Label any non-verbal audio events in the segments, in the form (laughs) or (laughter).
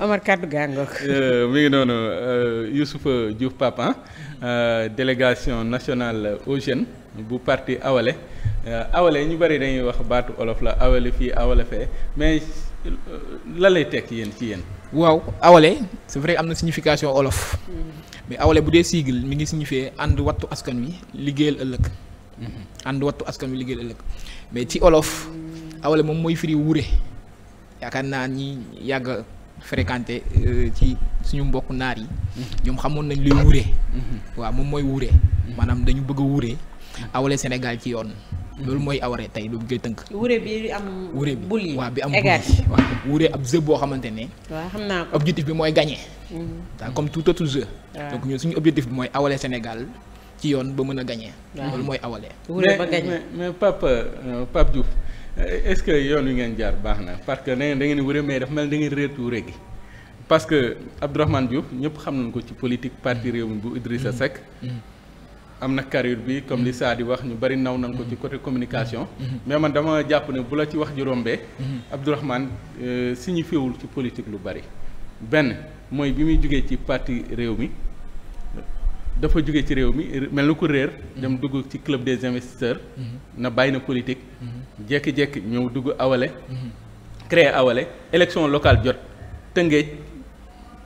Amar (laughs) kàddu gàngoog. (laughs) Euh, mi ngi noonu euh, Youssoufa Diouf Papa euh, délégation national aux jeunes bu parti Awale Awale ñu bari dañuy wax baatu olof la Awale fii Awale fee mais lan lay tekk yéen ci yéen. waaw Awale c'est vrai am na signification olof. mais Awale bu dee sigle mu ngi signifier ànd wattu askan wi liggéeyal ëllëg. Mhm. ànd wattu askan wi liggéeyal ëllëg mais ci olof. Awale moom mooy firi wure yaakaar naa ñi yàgg fréquenté euh, ci suñu mbokk naar yi mm-hmm. ñoom xamoon nañ luy wure mm-hmm. waaw moom mooy wure mm-hmm. maanaam dañu bëgg a wuure awale Sénégal ci yoon loolu mooy aware tey lu bëggee tënk wuure bi am wure bi bul yi waaw bi am bul yi waaw ab jeu boo xamante ne xam naa ko objectif bi mooy gagné waaw comme tout autre jeu donc suñu objectif bi mooy awale Sénégal ci yoon ba mën a gagné loolu mooy awale mais mais Pape euh, Pape Diouf Euh, est-ce que yoon wi ngeen jaar baax na parce que da ngeen mais dafa mel da ngeen retouré gi parce que Abdourahmane Diouf ñëpp xam nañ ko ci politique parti mm. réew mi bu Idrissa mm. Seck. Mm. am na carrière bi comme li saa Sadi wax ñu bari naw nañ ko ci côté communication. mais man dama jàpp ne bu la ci wax juróom-bee. Abdourahmane euh, signifié wul ci politique lu bari. benn mooy bi muy jugee ci parti réew mi. dafa jóge ci réew mi mel na ku réer dem mm-hmm. dugg ci club des investisseurs mm-hmm. na bàyyi na politique mm-hmm. jekki ñëw dugg awale créé awale élection locale jot tëngeej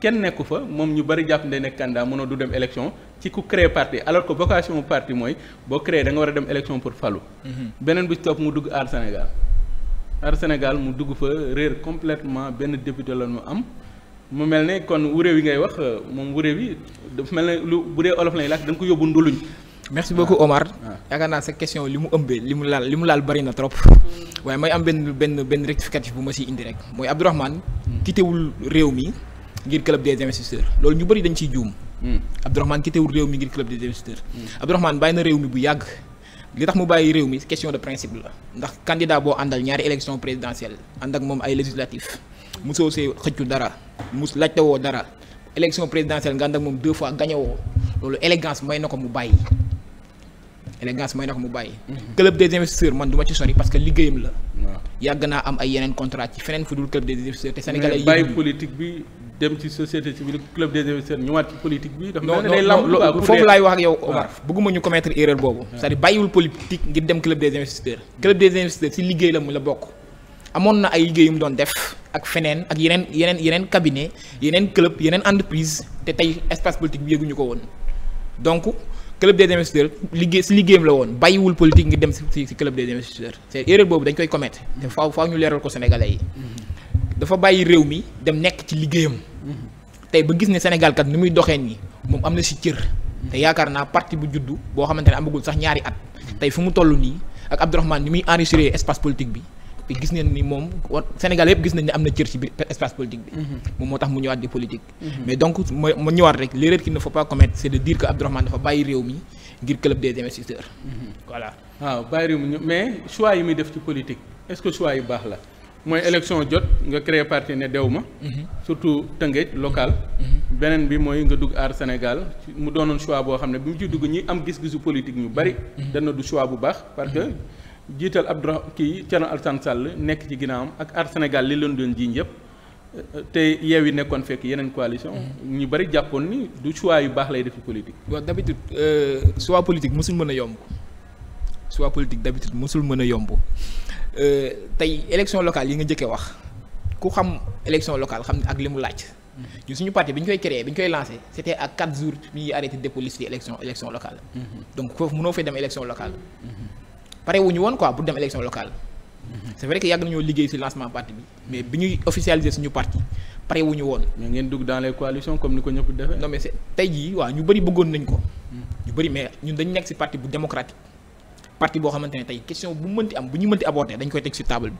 kenn nekku fa moom ñu bari jàpp ne nekk mun mënoo du dem élection ci ku créer parti alors ko vocation parti mooy boo créer danga war a dem élection pour falu beneen bi ci mu dugg aar Sénégal aar Sénégal mu dugg fa réer complètement benn député la ñu am mu mel ne kon wuréew yi ngay wax moom wuréew yi dafa mel ne lu bu dee olof lay laaj da ko yóbbu nduluñ. merci beaucoup Omar. Ah. yaakaar naa sa question li mu ëmbee li mu laal li mu laal bari na trop. waaye may am benn benn benn rectificatif bu ma siy indi rek mooy Abdourahmane hmm. kitewul réew mi ngir club des investisseurs loolu ñu bari dañ ci juum. Hmm. Abdourahmane kitewul réew mi ngir club des investisseurs. Hmm. Abdourahmane bàyyi na réew mi bu yàgg. li tax mu bàyyi réew mi question de principe ndax candidat boo àndal ñaari élection présidentielle ànd ak moom ay législatif mosoo see xëccu dara mos laajte woo dara élection présidentielle nga ànd ak moom deux fois gañe woo loolu élégance mooy na ko mu bàyyi élégance may na ko mu bàyyi. Mhm. club des investisseurs man du ci sori parce que liggéeyam la. yàgg naa am ay yeneen contrat ci feneen fu dul club des investisseurs te Sénégalais yi bàyyi dem ci société civile bi. dafa mel ni day lamb foofu laay wax ak yow Omar bëgguma ñu commettre erreur boobu. c'est-à-dire bàyyiwul politique ngir dem club des investisseurs. club des investisseurs ci liggéey la mu la bokk. amoon na a liggéey yu mu doon def. ak feneen ak yeneen yeneen yeneen cabinet yeneen club yeneen entreprise te tey espace politique bi yëguñu ko woon donc club des investisseurs liggéey si liggéeyam la woon bàyyiwul politique ngir dem si si club des investisseurs c'est erreur boobu dañ koy commettre te faaw faaw ñu leeral ko sénégalais yi mhm. dafa bàyyi réew mi dem nekk ci liggéeyam mhm. tey ba gis ne Sénégal kat ni muy doxee nii moom am na si cër mhm. te yaakaar naa parti bu juddu boo xamante ne amagul sax ñaari at tey fu mu toll nii ak Abdourahmane ni muy enrichir espace bi bi gis neen ni moom Sénégal yëpp gis nañ ne am na cër ci biir espace politique bi mhm. moom moo tax mu ñëwaat di politique mhm. mais donc mooy mu ñëwaat rek l'erreur qu'il ne faut pas c'est de dire que Abdourahmane dafa bàyyi réew mi ngir club des investisseurs mhm. voilà waaw ah, bàyyi réew mi mais choix yi muy def ci politique est que choix yu baax la mooy élection jot nga créer parti ne dew ma surtout Tëngéej local beneen bi mooy nga dugg aar Sénégal mu doonoon choix boo xam jiital Abdoura kii Thierno Alassane Sall nekk ci ginnaawam ak Aar Sénégal li leen doon jiiñ yëpp te yeew yi nekkoon fekk yeneen coalition eh. ñu bari jàppoon ni du choix yu baax lay defi politique. waaw d'habitude euh, choix politique mosul mën a yomb choix politique d'habitude mosul mën a yomb euh, tey élection locale yi nga njëkkee wax ku xam élection locale xam ne ak li mu laaj. Hmm. ñun suñu parti bi ñu koy créé bi ñu koy lancé c'était à quatre jours bi ñuy arrêté dépôt liste élection locale. Hmm. donc foofu mënoo fay dem parewuñu wuñu woon quoi pour dem élection locale mhm. c'est vrai que yàgg nañoo liggéey ci lancement parti bi mais bi ñuy officialiser suñu parti pare woon. ñu ngeen dugg dans les coalitions comme ni ko ñëpp defee. non mais tey jii ñu bëri bëggoon nañ ko. Mhm. ñu bëri mais ñun dañu nekk ci parti bu démocratique parti boo xamante ne tey question bu mënti am bu ñu mënti aborder dañ koy teg ci table bi.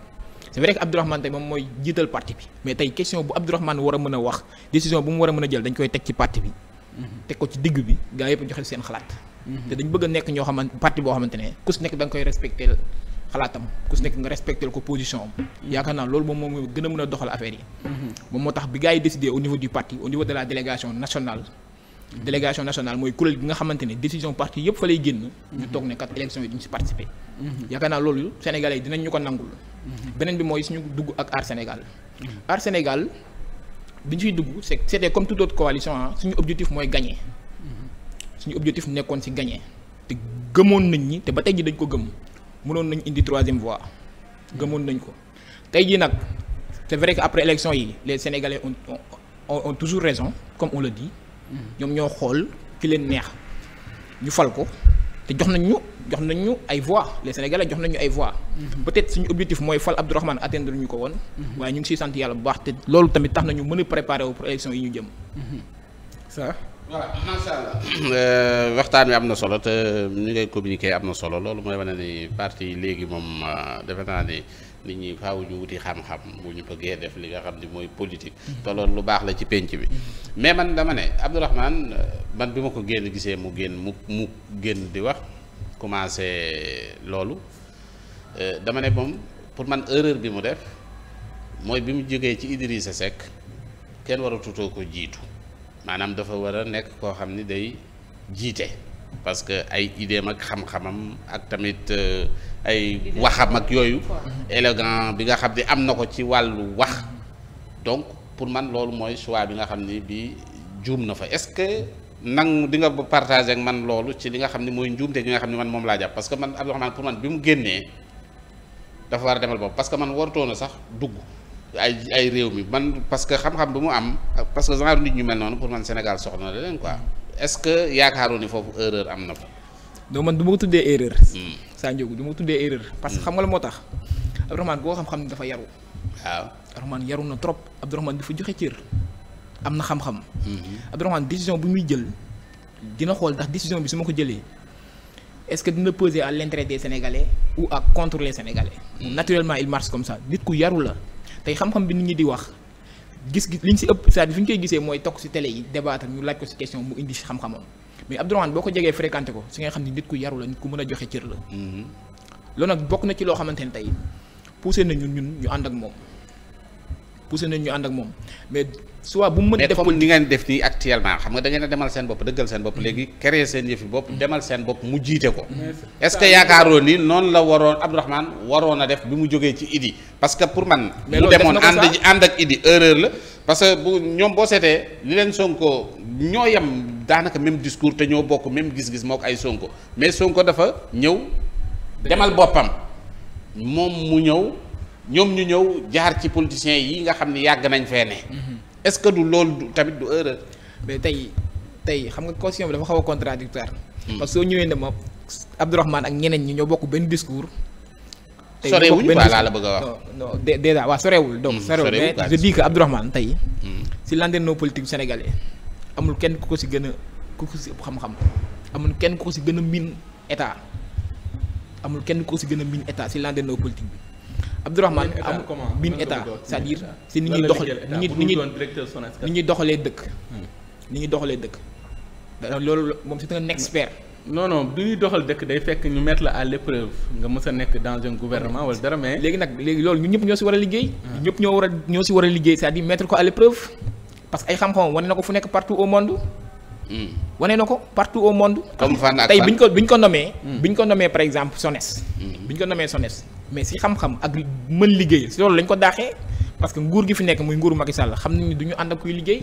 c'est vrai que Abdourahmane tey moom mooy jiital parti bi mais tey question a a wax décision mu war a mën a jël dañ koy teg ci parti bi. Mhm. teg ko ci digg bi gaa yëpp xalaat. te dañ bëgg nekk ñoo xamante parti boo xamante ne ku si nekk da koy respecté xalaatam ku si nekk nga respecté ko position am. yaakaar loolu moom moom moo gën a a doxal affaire yi. moom moo tax bi gars yi décidé mooy kuréel gi nga xamante ne décision parti yëpp fa lay génn. ñu toog ne dinañ ñu ko nangul. beneen bi mooy suñu dugg ak Aar Sénégal. Aar Sénégal bi ñu siy dugg c' était comme toute autre coalition suñu objectif mooy gagner. suñu objectif nekkoon ci gagner te gëmoon nañ ñi te ba tey ji dañ ko gëm mënoon nañ indi troisième voie gëmoon nañ ko tey ji nag c'est vrai que après élection yi les sénégalais on ont, ont toujours raison comme on le dit ñoom ñoo xool ki leen neex ñu fal ko te jox nañ ñu jox nañ ñu ay voix les sénégalais jox nañ ñu ay voix. peut-être suñu objectif mooy fal Abdourahmane atteindre ñu ko woon. waaye ñu ngi siy sant yàlla bu baax te loolu tamit tax nañu mën a wu pour élection ñu jëm. voilà euh, waxtaan wi am na solo te ni ngay communiquer am na solo loolu mooy wane ni parti yi léegi moom euh, defe naa ni nit ñi faaw ñu wuti xam-xam bu ñu bëggee def li nga xam ni mooy politique. te loolu lu baax la ci penc bi. mais man dama ne Abdourahmane euh, man bi ma ko génn gisee mu génn mu mu génn di wax commencé loolu dama ne moom pour man erreur bi mu def mooy bi mu jógee ci Idrissa Seck kenn waratutoo ko jiitu. maanaam dafa war a nekk koo xam ni day jiite parce que ay idéem ak xam-xamam ak tamit euh, ay waxam ak yooyu élégant bi nga xam ne am na ko ci wàllu wax donc pour man loolu mooy choix bi nga xam ni bi juum na fa est-ce que nang di nga partager ak man loolu ci li nga xam ne mooy njuumte gi nga xam ne man moom laa jàpp parce que man Abdourahmane pour man bi mu génnee dafa war a demal bopp parce que man wartoona sax dugg ay réew mi man parce que xam-xam bi mu am parce que genre nit ñu mel noonu pour man Sénégal soxla na leen quoi est-ce que yaakaaroon ni foofu erreur am na fa. non man du ma ko tuddee erreur. Hmm. Sa Ndiogou du ko tuddee erreur. parce que hmm. xam nga moo tax. Abdourahmane boo xam-xam dafa yaru. waaw Abdourahmane yaru na trop Abdourahmane fa joxe cër. am na xam-xam. Hmm. Abdourahmane décision bu muy jël dina xool ndax décision bi su ma ko jëlee. est-ce que dina peser à l'intérêt des Sénégalais ou à naturellement il marche comme ça ku yaru la. tey xam-xam bi nit ñi di wax gis-gis li ñu si ëpp cest à fi ñu koy gisee mooy toog si télé yi débattre ñu laaj ko si question mu indi si xam-xamam mais Abdourahmane boo ko jegee fréquenté ko si nga xam ne nit ku yaru la nit ku mën a joxe cër la mm-hmm. loolu nag bokk na ci loo xamante ne tey poussé na ñun ñun ñu ànd ak moom poussé nañ ñu ànd ak moom mais soit bu mu mën def comme ni ngeen def nii actuellement xam nga da ngeen demal seen bopp dëggal seen bopp léegi créer seen yëfi bopp demal seen bopp mu jiite ko est-ce que yaakaaroon ni noonu la waroon Abdourahmane waroon a def bi mu jógee ci Idi parce que pour man mu demoon ànd ànd ak Idi erreur la parce que bu ñoom boo seetee li leen Sonko ñoo yem daanaka même discours te ñoo bokk même gis-gis moo ko ay Sonko mais Sonko dafa ñëw demal boppam moom mu ñëw ñoom ñu ñëw jaar ci politiciens yi nga xam ne yàgg nañ fee ne. Mhm. est-ce que du loolu tamit du erreur. mais tey tey xam nga question bi dafa xaw a contradictoire hmm. parce que soo ñëwee ne ma Abdourahmane ak ñeneen ñi ñëw bokk benn discours. tey sorewuñ quoi laa la bëgg a wax non non sorewul. donc hmm, sorewul mais je dis que Abdourahmane tey. Hmm. si landerneau politique sénégalais amul kenn ku ko si gën a ku ko si xam-xam amul kenn ku ko si gën a miin état amul kenn ko si gën a miin état si landerneau politique bi. Abdourahmane am bin état c'est-à-dire c'est ni ñuy doxal ni ñuy ni ñuy doxalee dëkk hmm. ni ñuy doxalee dëkk loolu moom c'est un expert non non du ñuy doxal dëkk day fekk ñu mettre la à l'épreuve nga mës a nekk dans un gouvernement wala dara mais. léegi nag léegi loolu ñu ñëpp ñoo si war a liggéey. Hmm. ñëpp ñoo war a ñoo si war a liggéey c'est-à-dire mettre ko à l'épreuve parce que ay xam-xam wane na ko fu nekk partout au monde. Hmm. wane na ko partout au monde. comme fan ak fan tey bi ñu ko bi ñu ko hmm. bi ñu ko nommee par exemple SONES. Hmm. bi ñu ko nommee SONES mais si xam-xam ak mën liggéey si loolu lañ ko daaxee parce que nguur gi fi nekk muy nguuru Macky Sall xam nañ ni du ñu ànd ak kuy liggéey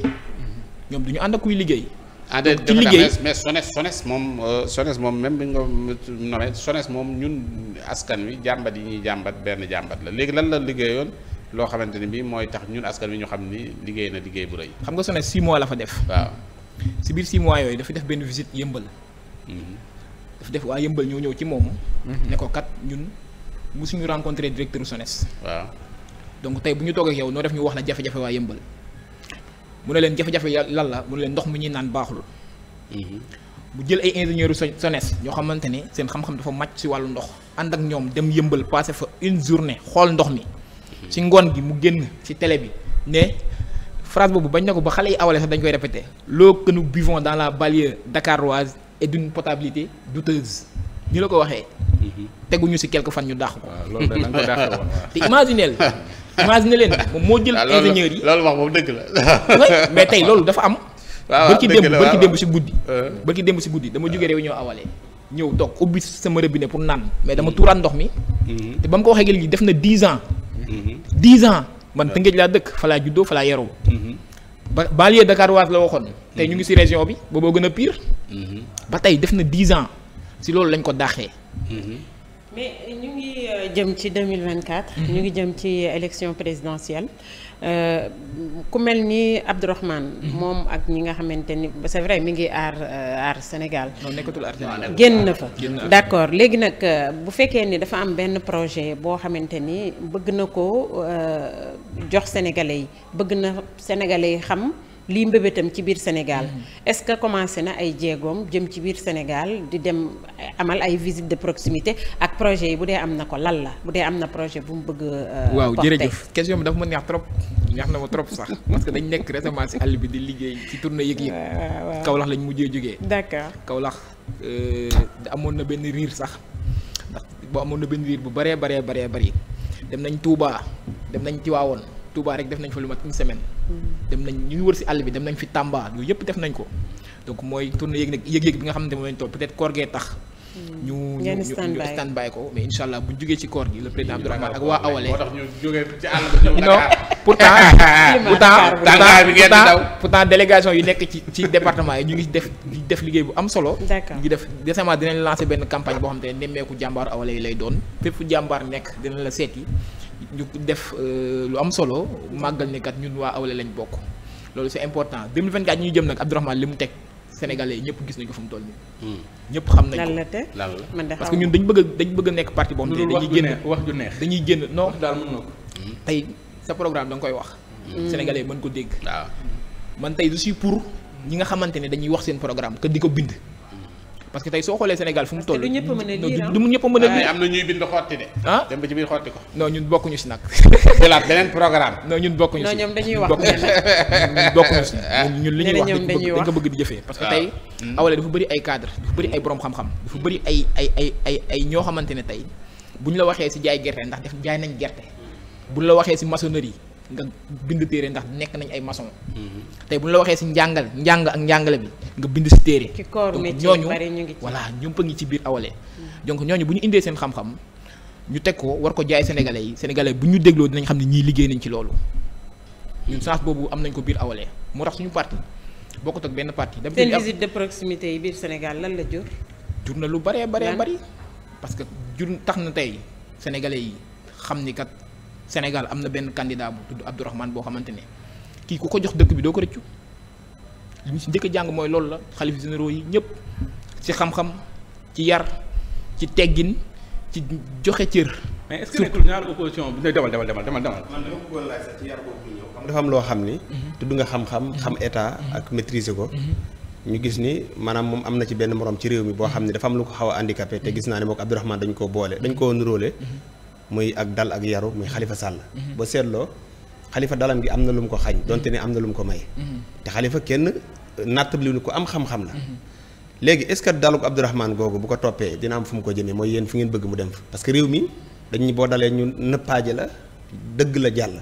ñoom du ñu ànd ak kuy liggéey. Ah, liggéey mais SONES SONES moom euh, SONES moom même bi ñu ko nommee SONES moom ñun askan wi jàmbat yi ñuy jàmbat benn jàmbat la léegi lan la liggéeyoon. loo xamante ni bii mooy tax ñun askan wi ñ xam ni liggéey na liggéey bu rëy. xam nga SONES six mois la fa def. si biir six mois yooyu dafa def benn visite yëmbal. Mhm. dafa def waa yëmbal ñoo ñëw ci moom. Mhm. ne ko kat ñun mosuñu rencontré directeur SONES. waaw donc tey bu ñu toogee yow noo def ñu wax la jafe-jafe waa yëmbal. mu ne leen jafe-jafe lan la mu ne leen ndox mi ñuy naan baaxul. Mhm. mu jël ay ingénieurs SONES ñoo xamante ne seen xam-xam dafa màcc si wàllu ndox. ànd ak ñoom dem yëmbal passé fa une journée xool ndox mi. ci ngoon gi mu génn ci télé bi ne. phrase boobu bañ na ko ba xale yi awale sax dañ koy répété l'eau que nous buvons dans la banlieue dakaroise est d'une potabilité douteuse ni la ko waxee mhm. teguñu ci quelque fan ñu dàq ko (laughs) te imagineel imagine leen moom moo jël (laughs) ingénieur yi loolu wax moom dëgg la (laughs) mais tey loolu dafa am bërki démb bërki démb ci guddi euh. bërki démb ci guddi dama jógee euh. réunion awale ñëw toog ubbi sama robinet pour naan mais dama tuuraan ndox mi mhm. te ba mu ko waxee gi def na dix ans mhm. dix ans man Tëngéej laa dëkk falaa laa juddoo fa laa yaroo. Mhm. ba banlieue Dakar waat la waxoon. Mhm. tey ñu ngi si région bi booboo gën a pire. Mhm. ba tey def na dix ans si loolu lañ ko dàqee. mais ñu ngi euh, jëm ci 2024. Mm-hmm. ñu ngi jëm ci élection présidentielle euh, ku mel ni Abdourahmane mm-hmm. moom ak ñi nga xamante ni c'est vrai mi ngi aar euh, aar Sénégal. non nekkatul génn na fa. d'accord léegi nag bu fekkee ni dafa am benn projet boo xamante ni bëgg na ko jox sénégalais yi bëgg na sénégalais yi xam. lii mbébétam ci biir Sénégal mm-hmm. est-ce que commencé na ay jéegoom jëm ci biir Sénégal di dem amal ay visite de proximité ak projet yi bu dee am na ko lan la bu dee am na projet bu mu bëgg euh, waaw jërëjëf question bi dafa ma neex trop neex na ma trop sax (laughs) parce que dañ nekk récemment si àll bi di liggéey ci tournée yëg-yëg Kaolack lañ mujjee jógee d'accord Kaolack euh, amoon na benn riir sax ndax boo amoon na benn riir bu baree baree baree bëri dem nañ Touba dem nañ Tiwaawoon Touba rek def nañ fa lu mat une semaine. dem nañ ñu wër si àll bi dem nañ fi Tamba yooyu yëpp def nañ ko donc mooy tournée yëg nag yëg-yëg bi nga xam ne moo toog peut-être koor gee tax. Hmm. ñu ñu ñu stand by ko mais incha bu jógee ci koor gi le président Abdourahmane ak waa Awalé. moo tax ñu jógee ci àll bi non (laughs) pourtant pourtant pourtant délégation yu nekk ci ci département yi ñu ngi def def liggéey bu am solo. d'accord ñu def récemment dinañ lancer benn campagne boo xam te ne nemmeeku jàmbaar Awalé yi lay doon fépp jàmbaar nekk dinañ la seeti ñu def euh, lu am solo màggal ne kat ñun waa Awlé lañ bokk loolu c'est important 2024 ñu jëm nag Abdourahmane li mu teg sénégalais yi ñëpp gis nañ ko mu toll nii. Hmm. ñëpp xam nañ ko lan la te parce que ñun dañ bëgg a dañ bëgg a nekk parti boobu. te dañuy génn wax neex dañuy génn non wax daal mën na ko. tey sa programme da koy wax. Hmm. sénégalais mën ko dégg. waaw man tey lu suis pour ñi nga xamante ne dañuy wax seen programme que di ko bind. parce que tey soo xoolee Sénégal fu mu toll. du ñëpp a mën a lire du ñëpp a mën a ah, lire am na ñuy bind xotti de. ah dem ba ci biir xotti ko. non ñun bokkuñu si nag. (laughs) jëlaat beneen programme. non ñun bokkuñu si. non ñoom dañuy wax ñun bokkuñu si. Ah. ñun li ñuy wax dañ ko bëgg di jëfee. parce que ah. tey hmm. awale dafa bëri ay cadre dafa bëri ay borom xam-xam. dafa bëri ay ay ay ay ay ñoo xamante ne tey bu ñu la waxee si jaay gerte ndax def jaay nañ gerte bu ñu la waxee si maçonnerie nga bind téere ndax nekk nañ ay maçon mhm. tey bu ñu la waxee si njàngal njàng ak njàngale bi nga bind si téere ñooñu voilà ñëpp a ngi ci biir awale mhm. donc ñooñu bu ñu indee seen xam-xam ñu teg ko war ko jaay sénégalais yi sénégalais bu ñu dégloo dinañ xam ne ñii liggéey nañ ci loolu ñu mhm. chance boobu am nañ ko biir awale moo tax suñu parti ko ak benn parti seen visite de proximité yi biir Sénégal lan la jur jur na lu baree baree bari parce que jur tax na tey sénégalais yi xam ni kat Sénégal am na benn candidat bu tudd Abdourahmane boo xamante ne kii ku ko jox dëkk bi doo ko rëccu li ñu si njëkk jàng mooy loolu la xalif généraux yi ñëpp si xam-xam ci yar ci teggin ci joxe cër. mais est-ce que nekkul ñaar opposition dama bëggoon dafa am loo xam ni. Mhm. tudd nga xam-xam mhm. xam état mhm. ak maîtriser ko. ñu gis ni maanaam moom am na ci benn morom ci réew mi boo xam ne dafa am lu ko xaw a te gis naa ne moom Abdourahmane dañ koo boole dañ koo nuróole muy ak dal ak yaru muy xalifa sàll mhm. mhm. ba seetloo xalifa dalam gi am na lu mu ko xañ mhm. donte ne am na lu mu ko may te xalifa kenn euh, nattabliwu ko am xam-xam la léegi est-ce que dalug Abdourahmane googu bu ko toppee dina am fu mu ko jëmee mooy yéen fu ngeen bëgg mu dem fa parce que réew mi dañu boo dalee ñu nëppaaje la dëgg la jàll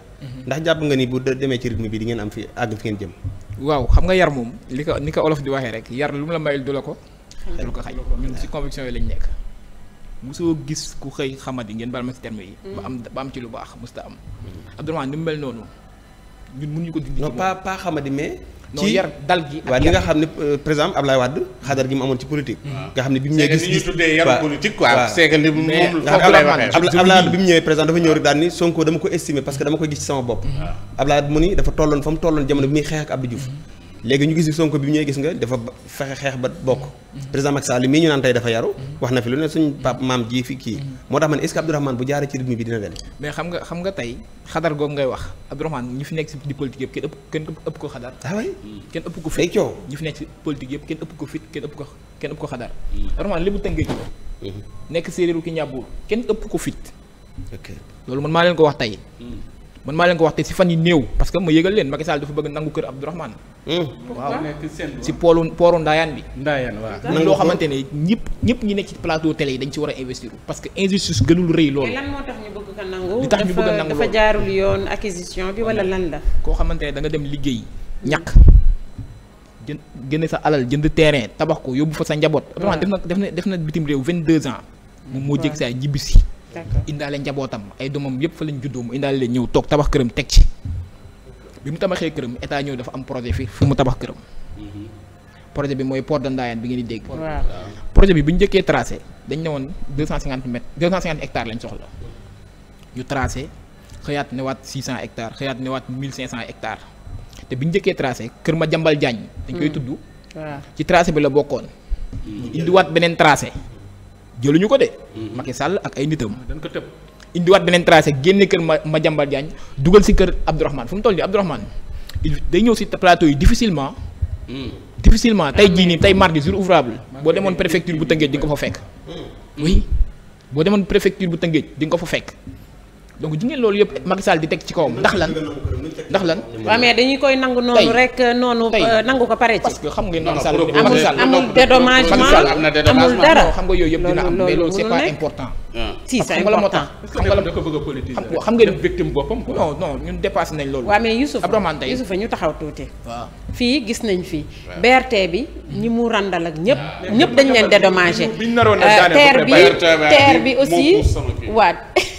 ndax jàpp nga ni bu demee ci rythme bi di ngeen am fi àgg fi ngeen jëm waaw xam nga yar moom li ko ni ko olof di waxee rek yar lu mu la mayul du la ko la ko nekk mosoo gis ku xëy xamadi ngeen baal ci terme yi. Mm. ba am ba am ci lu baax musta am. Abdourahmane ni mu mel noonu ñun mënuñu ko dindi. non pas pas xamadi mais. ci yar dal gi waaw li nga xam ne euh, par exemple Ablaye Wade xadar gi mu amoon ci politique. Mm. nga xam ne bi mu ñëwee gis dafa ñëw rek daal Sonko dama ko estimer parce que dama ko gis ci sama bopp. Mm-hmm. Ablaye Wade mu ni dafa tolloon fa mu tolloon jamono bi muy xeex ak Abdou Diouf mm-hmm. léegi ñu gis ni Sonko bi mu ñëwee gis nga dafa fexe xeex ba bokk président Macky Sall mii ñu naan tey dafa yaru wax na fi lu ne suñ pap maam ji fi kii moo tax man est ce que Abdourahmane bu jaaree ci rythme bi dina gañ mais xam nga xam nga tey xadar googu ngay wax Abdourahmane ñi fi nekk si di politique yëpp kenn ëpp kenn ëpp ko xadar ah oui kenn ëpp ko fit coow ñi fi nekk ëpp ko fit kenn ëpp ko kenn ëpp ko xadar Abdourahmane li mu tënkee ci mhm. nekk séeréeru ki ñàbbul kenn ëpp ko fit loolu man maa leen ko wax tey mhm. man maa leen ko wax te si fan yi néew parce que ma yëgal leen Macky Sall dafa bëgg nangu kër Abdourahmane hmm. waaw si poolu pooru Ndaayaan bi Ndaayaan waaw loo xamante ne ñëpp ñëpp ñi ne ci plateau télé yi dañ ci war a investir parce que injustice gënul rëy loolu lan moo tax ñu bëgg ko nangu li tax ñu bëgg a nangu dafa jaarul yoon acquisition bi wala lan la koo xamante ne danga dem liggéey ñàkk jënd génne sa alal jënd terrain tabax ko yóbbu fa sa njaboot Abdourahmane def na def na def na bitim réew vingt-deux ans moom moo jékki saa ñibbisi indaale njabootam ay doomam yëpp fa lañ juddoo mu indaale leen ñëw toog tabax këram teg ci bi mu tabaxee këram état ñëw dafa am projet fi fi mu tabax këram mhm. projet bi mooy port de Ndayane bi ngeen di dégg projet bi bu ñu njëkkee tracé dañ ne woon deux cent cinquante mètres deux cent cinquante hectares lañ soxla ñu tracé xëyaat newaat six cent hectare xëyaat ne waat mille cinq cent hectares te bi njëkkee tracé kër ma jambal jaañ dañ koy hmm. tudd ci tracé bi la bokkoon mhm. indiwaat beneen tracé jëluñu ko de. Mm-hmm. Macky Sall ak ay nitam. Mm-hmm. dañ ko tëb indiwaat beneen tracé génne kër ma Madiambal Diagne dugal si kër Abdourahmane fu mu toll nii Abdourahmane il day ñëw si plateau yi difficilement. Mm-hmm. difficilement tey jii nii tey mardi jour ouvrable boo demoon préfecture bu Tëngéej di ko fa fekk. oui boo demoon préfecture bu Tëngéej di ko fa fekk. donc ji ngeen loolu yëpp Macky Sall di teg ci kawam ndax lan ndax lan. waaw mais dañuy koy nangu noonu rek euh, noonu. Euh, nangu ko pare ci que xam ngeen Macky Sall amul amul dédommagement amul dara xam nga yooyu yëpp dina am mais loolu c'est pas important. Ah. si la moo tax. loolu. waaw mais ñu taxaw tuuti. fii gis nañ fii. BRT bi ñi mu randal ak ñëpp. Ah. ñëpp dañ leen dédommagé. Euh, bi ñu bi terre bi aussi waat (laughs)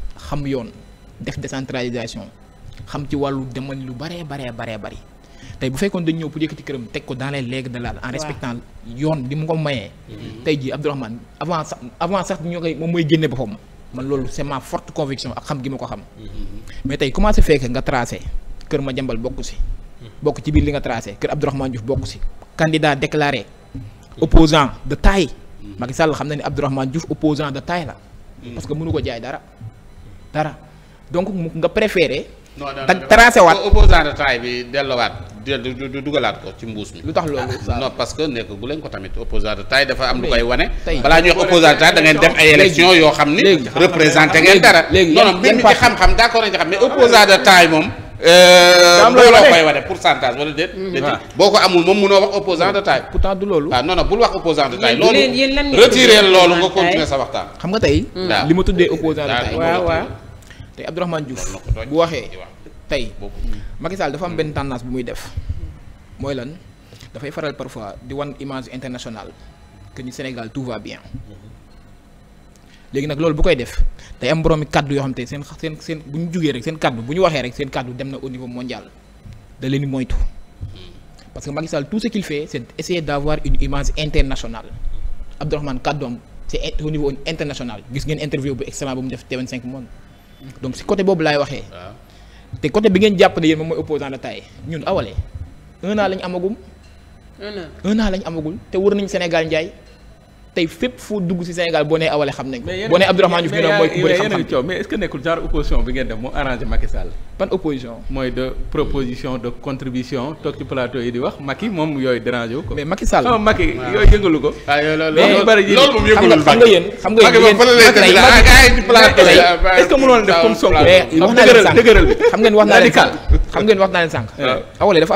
xam yoon def décentralisation xam ci wàllu demal lu bare baree baree bari tey bu fekkoon dañ ñëw pour yëkkati këram teg ko dans les règles de l'art en respectant yoon bi mu ko mayee mhm. tey jii Abdourahmane avant sax avant sax ñoo koy moom mooy génne boppam man loolu c'est ma forte conviction ak xam gi ma ko xam mhm. mais tey commencé fekk nga tracé kër ma jambal bokk si mhm. bokk ci biir li nga tracé kër Abdourahmane Diouf bokk si candidat déclaré opposant de taille Macky Sall xam na ne Abdourahmane Diouf opposant de taille la parce que ko jaay dara dara donc nga préféré. non non tracé waat opposant de taille bi delluwaat dugalaat ko ci mbuus mi. lu tax loolu non que nekk gu lañ ko tamit opposant de taille dafa am lu koy wane. balaa ñuy wax opposant de taille da dem ay élection yoo xam ni. représenté ngeen dara. léegi non non mbir mi ci xam-xam d'accord nañ ci xam mais opposant de taille moom. Euh, mbooloo koy wane pourcentage wala déet. Mm. Ah. boo ko amul moom munoo wax opposant de taille. pourtant du loolu. waaw ah, non non bul wax opposant de taille. loolu retiré loolu nga continuer sa waxtaan. xam nga tey. Mm. li ma tuddee opposant de taille. waaw waaw tey Abdourahmane Diouf bu waxee tey Macky Sall dafa am benn mm. tendance bu muy def mooy lan dafay faral parfois di wan image international que ni Sénégal tout va bien. Mm-hmm. léegi nag loolu bu koy def day am boroomi kaddu yoo xam te seen seen seen bu ñu jugee rek seen kaddu bu ñu waxee rek seen kaddu dem na au niveau mondial da leen moytu parce que Macky Sall tout ce qu'il fait c'est essayer d'avoir une image internationale Abdourahmane kaddoom c'est au niveau international gis ngeen interview bu extrêmement bu mu def T25 Monde donc si côté boobu laay waxee ah. te côté bi ngeen jàpp ne yéen moom mooy opposant de taille ñun awalee ah, un an lañ amagum un an lañ amagul te wër nañ Sénégal njaay tey fépp foo dugg ci Sénégal boo awale xam nañ ko boo nee Abdourahmane Diouf ñu ne mooy ku bëri xam-xam coow mais est nekkul genre opposition bi ngeen def moo arrangé Macky Sall ban opposition mooy de proposition de contribution toog ci plateau yi di wax Macky moom yooyu dérangé wu ko mais Macky Sall ah, Macky yooyu yëngalu ko ah, loolu moom yëngalul xam nga yéen xam nga yéen ah, est-ce que mënoon def comme Sonko eh, dëgëral dëgëral bi xam ngeen wax naa leen sànq xam ngeen wax naa leen sànq awale dafa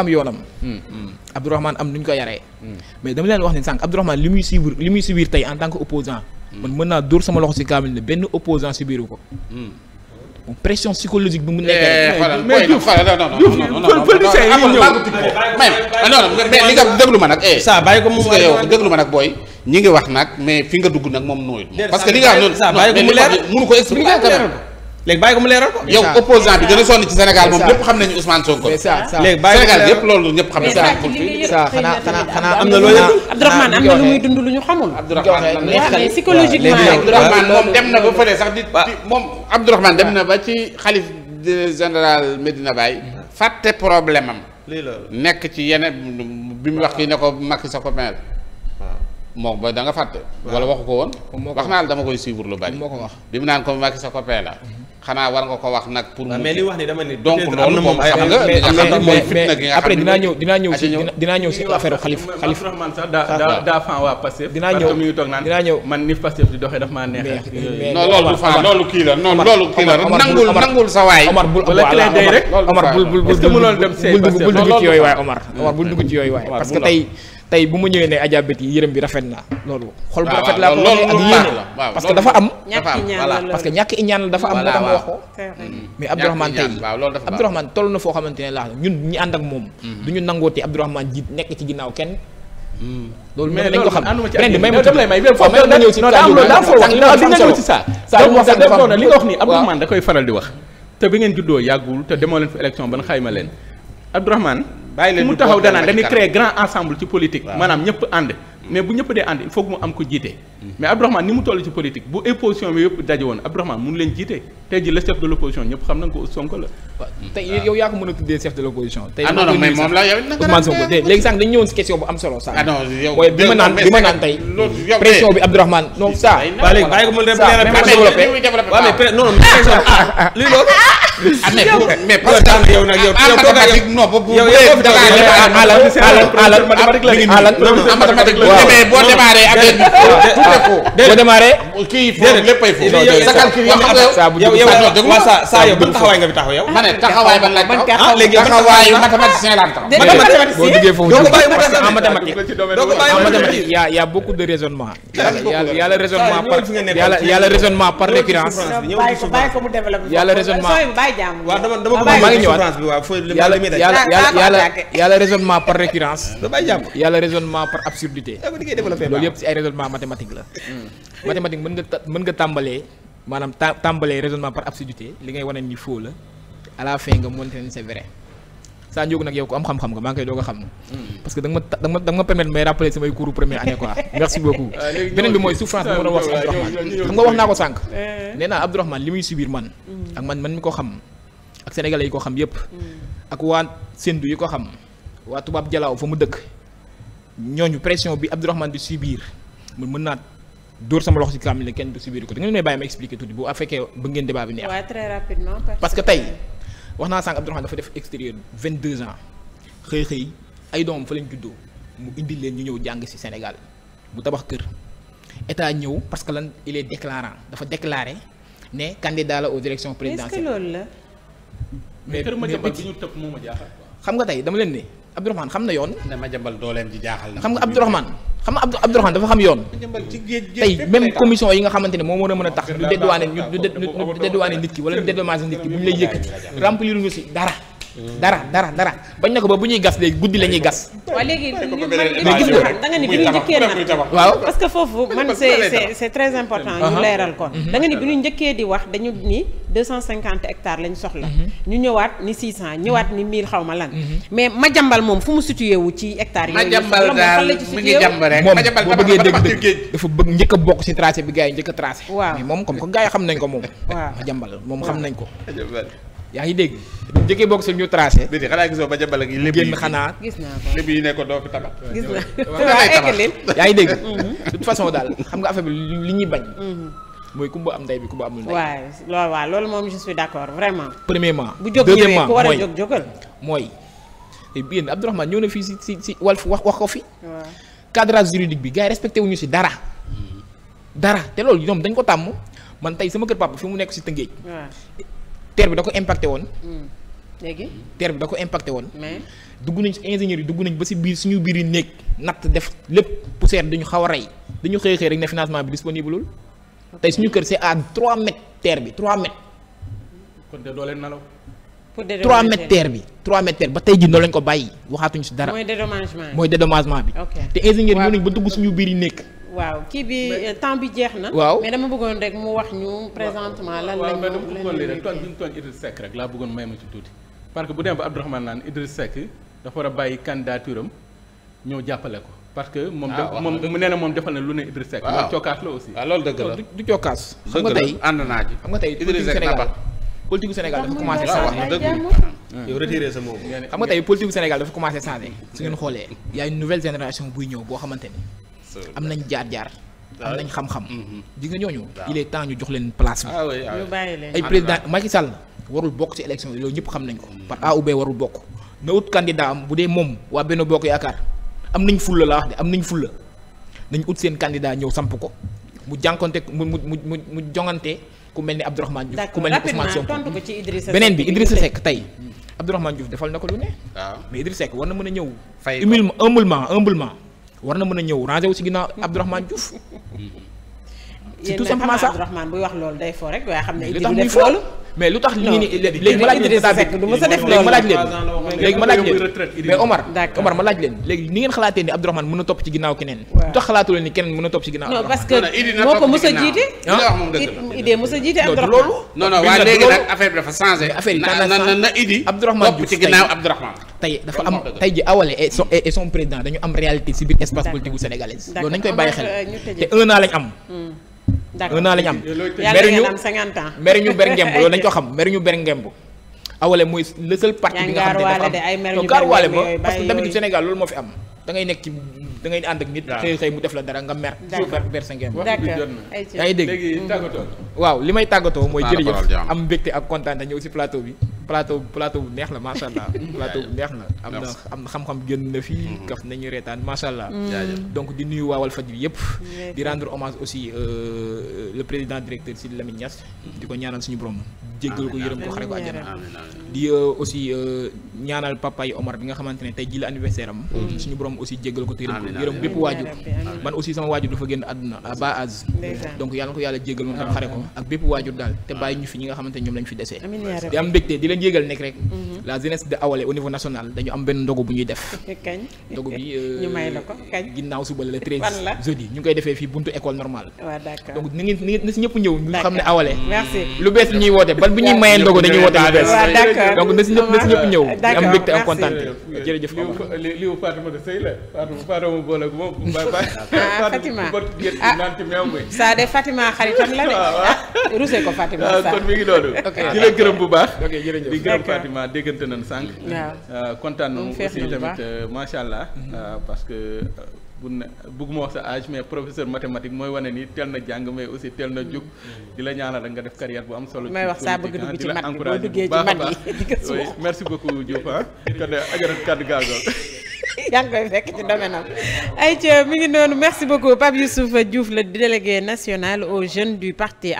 Abdourahmane am nu ñu ko yaree. Hmm. mais dama leen wax ne sànq Abdourahmane li muy suivre li muy subir tey en tant que opposant hmm. man mën naa dóor sama loxo si kaamil ne benn opposant subiru ko. Hmm. mu nekkee. Eh, mais Diouf xoolal non li nga déglu ma nag. saa eh. bàyyi ko mu yow déglu ma nag booy. ñi ngi wax nag mais fi nga dugg nag moom nooyul. parce que li nga wax noonu. saa ko mu leer mënu léegi bàyyi mu leeral ko. yow opposant bi gën a sonn ci Sénégal moom lépp xam nañu Ousmane Sonko. mais ça ça léegi bàyyi ko Sénégal yëpp loolu ñëpp xam nañu. ça xanaa am na loo yëngu. lu muy dund lu ñu xamul. Abdourahmane mais psychologiquement moom dem na ba fële sax di. moom Abdourahmane dem na ba ci xalif général Medina Baye. fàtte problème am. lii nekk ci yeneen bi mu wax kii ne ko Macky sa copain la moo ba da nga fàtte. wala waxu ko woon. wax naa la dama koy suivre lu bari. wax bi mu naan ko Macky sa copain la mhm. xanaa war nga ko wax nag pour ah, mais li wax ni dama ni donc loolu moom xam nga li nga xam ne mooy fitna gi nga après dinaa ñëw dinaa ñëw si dinaa ñëw xalif xalif daa daa waa Pastef dinaa ñëw man ni Pastef di doxee daf maa neex non loolu du fan loolu kii la non loolu kii la nangul nangul sa waay Omar bul Omar bul bul ci yooyu waay Omar Omar bul dugg ci yooyu waay parce que tey tey bu mu ñëwee ne Adja yi yërëm bi rafet na loolu xol bu rafet laa ko waxee ak yéene parce que dafa am parce que ñàkk iñaan la dafa am moo tax ma wax ko mais Abdourahmane tey Abdourahmane toll na foo xamante ne laa ñun ñi ànd ak moom mm-hmm. du ñu nangooti Abdourahmane jiit nekk ci ginnaaw kenn mm-hmm. loolu mais dañ ko xam beneen bi may ma tudd may ma ñëw ci sànq li nga wax ni Abdourahmane da koy faral di wax te bi ngeen juddoo yàggul te demoo leen fi élection ban ma leen Abdourahmane bàyyi leen mu taxaw danaan dañuy créer grand ensemble ci politique. maanaam ñëpp ànd. mais bu ñëpp dee ànd il faut mu am ko jiite. Hmm. mais Abdourahmane ni mu toll ci politique bu opposition bi yëpp daje woon Abdourahmane mun leen jiite tey ji le chef de l' opposition ñëpp xam nañ ko Sonko la. tey yow yaa ko mën a tuddee chef de l' opposition. tey ah non non mais moom la yow am solo. ah non bi ma naan bi ma naan tey. pression bi Abdourahmane non ça. waaw léegi bàyyi ko mu développé waaw mais pression. Ah, (laughs) mais parce que yow boo démarré boo démarré kii foofu nga fi taxaw yow ma ne taxawaay ban laaj taxaw léegi taxawaayu mathématicien laa taxaw mathématicien boo duggee foofu en a a beaucoup de raisonnement y a raisonnement par y a le a raisonnement bàyyi jàmm waaw dama dama ko maa ngi ñëwaat bi li yàlla yàlla ah, ah, ah, yàlla raisonnement par récurrence (laughs) yàlla raisonnement par absurdité eh, loolu yëpp si ay raisonnement mathématique la hmm. mathématique mën nga mën maanaam tàmbalee raisonnement par absurdité li ngay wane ni la à nga montré ni c'est vrai Sa Ndiogou nag yow ko am xam-xam nga maa ngi koy doog a xam. Hmm. parce que da nga ma da nga ma permettre may rappeler samay cours première année merci beaucoup. Ah, beneen bi mooy souffrance bi ma doon wax si xam nga wax naa ko sànq. Eh. nee naa Abdourahmane li muy subir man. ak man xam hmm. waa Sendou waa tubaab Jalaaw fa dëkk ñooñu pression bi Abdourahmane di subir man mën naa. dóor sama loxo ci kàmm kenn du si biir ko da may bàyyi ma expliquer tuuti bu fekkee ba ngeen bi neex. waaw que tey. wax naa sànq Abdourahmane dafa def extérieur vingt deux ans xëy xëy ay doomam fa lañ juddoo mu indi leen ñu ñëw jàng ci Sénégal mu tabax kër état ñëw parce que lan il est déclarant dafa déclaré ne candidat la aux élections présidentielles. est-ce que loolu la. mais moo ma jaaxal. xam nga tey dama leen ne Abdourahmane xam na yoon. ne Madiambal dooleem ji jaaxal na. xam nga Abdourahmane xam nga Abdou Abdourahmane dafa xam yoon tey même commission yi nga xamante ne moom war a mën a tax ñu dédduwaane ñu dédduwaane nit ki wala ñu dédommage nit ki bu ñu lay yëkkati remplir ñu si dara dara dara dara bañ na ko ba bu ñuy gas léegi guddi la ñuy gas. waaw léegi da nga ni bi ñu njëkkee nag waaw parce que foofu man c'est c'est très important ñu leeral ko mhm. da nga ni bi ñu njëkkee di wax dañu ni deux cent cinquante hectares lañ soxla mhm. ñu ñëwaat ni six cent ñëwaat ni mille xaw ma lan mhm. mais ma jambal moom fu mu situé wu ci hectares yooyu ma jambal daal mu moom boo bëggee dégg dëgg dafa bëgg njëkk bokk si tracé bi gars yi njëkk moom comme que gars yi xam nañ ko moom waaw moom xam nañ ko yaa ngi dégg jëkkee bokk si ñu tracé. déedéet xanaa ba jàmbale gi lépp yi génn xanaa. gis naa ko lépp yi ne ko doo fi tabax. gis naa ko yaa ngi dégg. (laughs) Mm-hmm. de toute façon daal xam nga affaire bi li ñuy bañ. Mm-hmm. mooy ku am ndey bi ku amul ndey. waaw loolu waaw loolu moom je suis d'accord vraiment. premièrement deuxièmement bu jóg ñëwee ku war a jóg jógal. mooy bien Abdourahmane ñëw na fii si si si Walf wax wax ko fi. waaw cadrage juridique bi gars yi respecté wuñu si dara. Mm-hmm. dara te loolu ñoom dañ ko tàmm man tey sama kër papa fi mu nekk si Tëngéej terre bi da ko impacté woon. Hmm. léegi terre bi da ko impacté woon. mais dugg nañ si ingénieurs yi dugg nañ ba si biir suñu biir yi néeg natt def lépp poussière dañu xaw rey dañu xëy xëy rek ne financement bi disponible lul. tey suñu kër c'est à 3 mètres terre bi 3 mètres. kon de doo leen nalaw. pour dédommagement 3 bi 3 mètres terre ba tey jii noonu lañ ko bàyyi waxaatuñ si dara. mooy dédommagement bi. te ingénieurs yi ñëw nañ ba dugg suñu biir yi nekk. waaw kii bi euh, temps bi jeex na. waaw mais dama bëggoon rek mu wax ñu présentement. lan la ñu lan la rek tooñ laa bëggoon may ma ci tuuti. parce que bu demee ba Abdourahmane naan Idriss Seck dafa war a bàyyi candidature ñëw jàppale ko. parce que moom ah, moom mu nee na moom defal na lu ne Idriss Seck. waaw cokkaas la aussi. Ah, xam nga tey ànd naa ji. xam nga tey politique Sénégal politique Sénégal dafa commencé changé. su ngeen xoolee y a une nouvelle génération buy ñëw boo xamante ni am nañ jaar jaar. am nañ xam-xam. Mm-hmm. di nga ñooñu. il est temps ñu jox leen place bi. Ah ah ñu bàyyi leen ay président Macky Sall warul bokk ci élection yi loolu ñëpp xam nañ ko. Mm-hmm. par A ou B warul bokk. na ut candidat bu dee moom waa benn bokk yaakaar am nañ fulla la wax de am nañ fulla nañ ut seen candidat ñëw samp ko mu jànkonte mu mu mu mu mu jongante ku mel ni Abdourahmane Diouf ku mel ni Ousmane Sonko beneen bi Idrissa Seck tey mm-hmm. Abdourahmane Diouf defal na ko lu ne. mais Idrissa Seck war na mën a ñëw. humblement humblement war na mën a ñëw rangé wu si ginnaaw (laughs) Abdourahmane Diouf. c'est tout simplement ça buy wax loolu day foo rek waaye xam ne. a topp ci ginnaaw keneen lu tax xalaatu leen ni keneen mën a topp ci ginnaaw non parce que moo ko mos a jiite a Idi Abdourahmane topp ci ginnaaw Abdourahmane tey dafa am tey ji awale et son et son président dañu am réalité ci biir espace politique bu sénégalaise loolu nañ koy bàyyi ah, xel euh, te un an lañ am hmm. d'accord un an lañ am meruñu meruñu ber ngemb loolu nañ ko (laughs) xam meruñu ber ngemb awale mooy le seul parti bi nga xam ne dafa am gaarwaale ma parce que d'habitude Sénégal loolu moo fi am dangay nekk ci da ngay ànd ak nit xëy xëy mu def la dara nga mer ber sa ngemb yaa ngi dégg waaw li may tàggatoo mooy jërëjëf am mbégte ak kontaan ñëw ci plateau bi plateau plateau bu neex la macha allah. (laughs) plateau bu neex la am na am na xam-xam génn na fii. Mhm. kaf nañu reetaan macha allah. Mm. donc di nuyu waawal faj bi yëpp. di rendre hommage aussi euh, le président directeur Sidi Lamine Niass. di ko ñaanal suñu borom. jéggal ko yërëm ko xare ko àjjana. di euh, aussi euh, ñaanal papa yi Omar bi nga xamante ne tey ji la anniversaire am. Mhm. suñu borom aussi jéggal ko te yërëm ko yërëm bépp waajur. man aussi sama waajur dafa génn àdduna à bas âge. donc yàlla ko yàlla jéggal moom tam xare ko ak bépp waajur daal te bàyyi ñu fi ñi nga xamante ñoom lañ fi desee di am mbégte di leen yégal nekk rek. Mhm. la jeunesse de Awalé au niveau national dañu am benn ndogu bu ñuy def. (laughs) kañ ndogu bi euh, (laughs) ñu may la ko kañ. ginnaaw suba la le treize jeudi ñu ngi koy defee fii buntu école normale. waaw d'accord donc ni ngeen ni si ñëpp ñëw ñu xam ne Awalé. merci lu bees ñuy woote ban bu ñuy mayee ndogu dañuy woote lu bees. waaw d'accord donc na si ñëpp na si ñëpp ñëw. d'accord am mbégte am kontaan euh, jërëjëf. li li wu Fatima de Sey la Fatima Fatima boole ko moom. (laughs) ah Fatima saa de Fatima xaritam la de. Ah, ah, rusé ko Fatima saa ah, kon mi ngi loolu. di la gërëm bu baax di gërëm Fatima déggante nañ sànq. waaw euh, kontaan nañu aussi tamit euh, macha allah. Mm-hmm. Euh, parce que bu ne bëgguma wax sa âge mais professeur mathématique mooy wane ni teel na jàng mais aussi teel na jug. Mm-hmm. di la ñaanal nga def carrière bu am solo. may wax saa bëgg dugg ah, ci mat bi boo duggee ci mat yi (laughs) merci beaucoup Diouf ah. kaddu ajarat kaddu gaagool. (laughs) yaa ngi koy fekk ci domaine am ayca mi ngi noonu merci beaucoup Pape Youssouf Diouf le délégué national aux jeunes du parti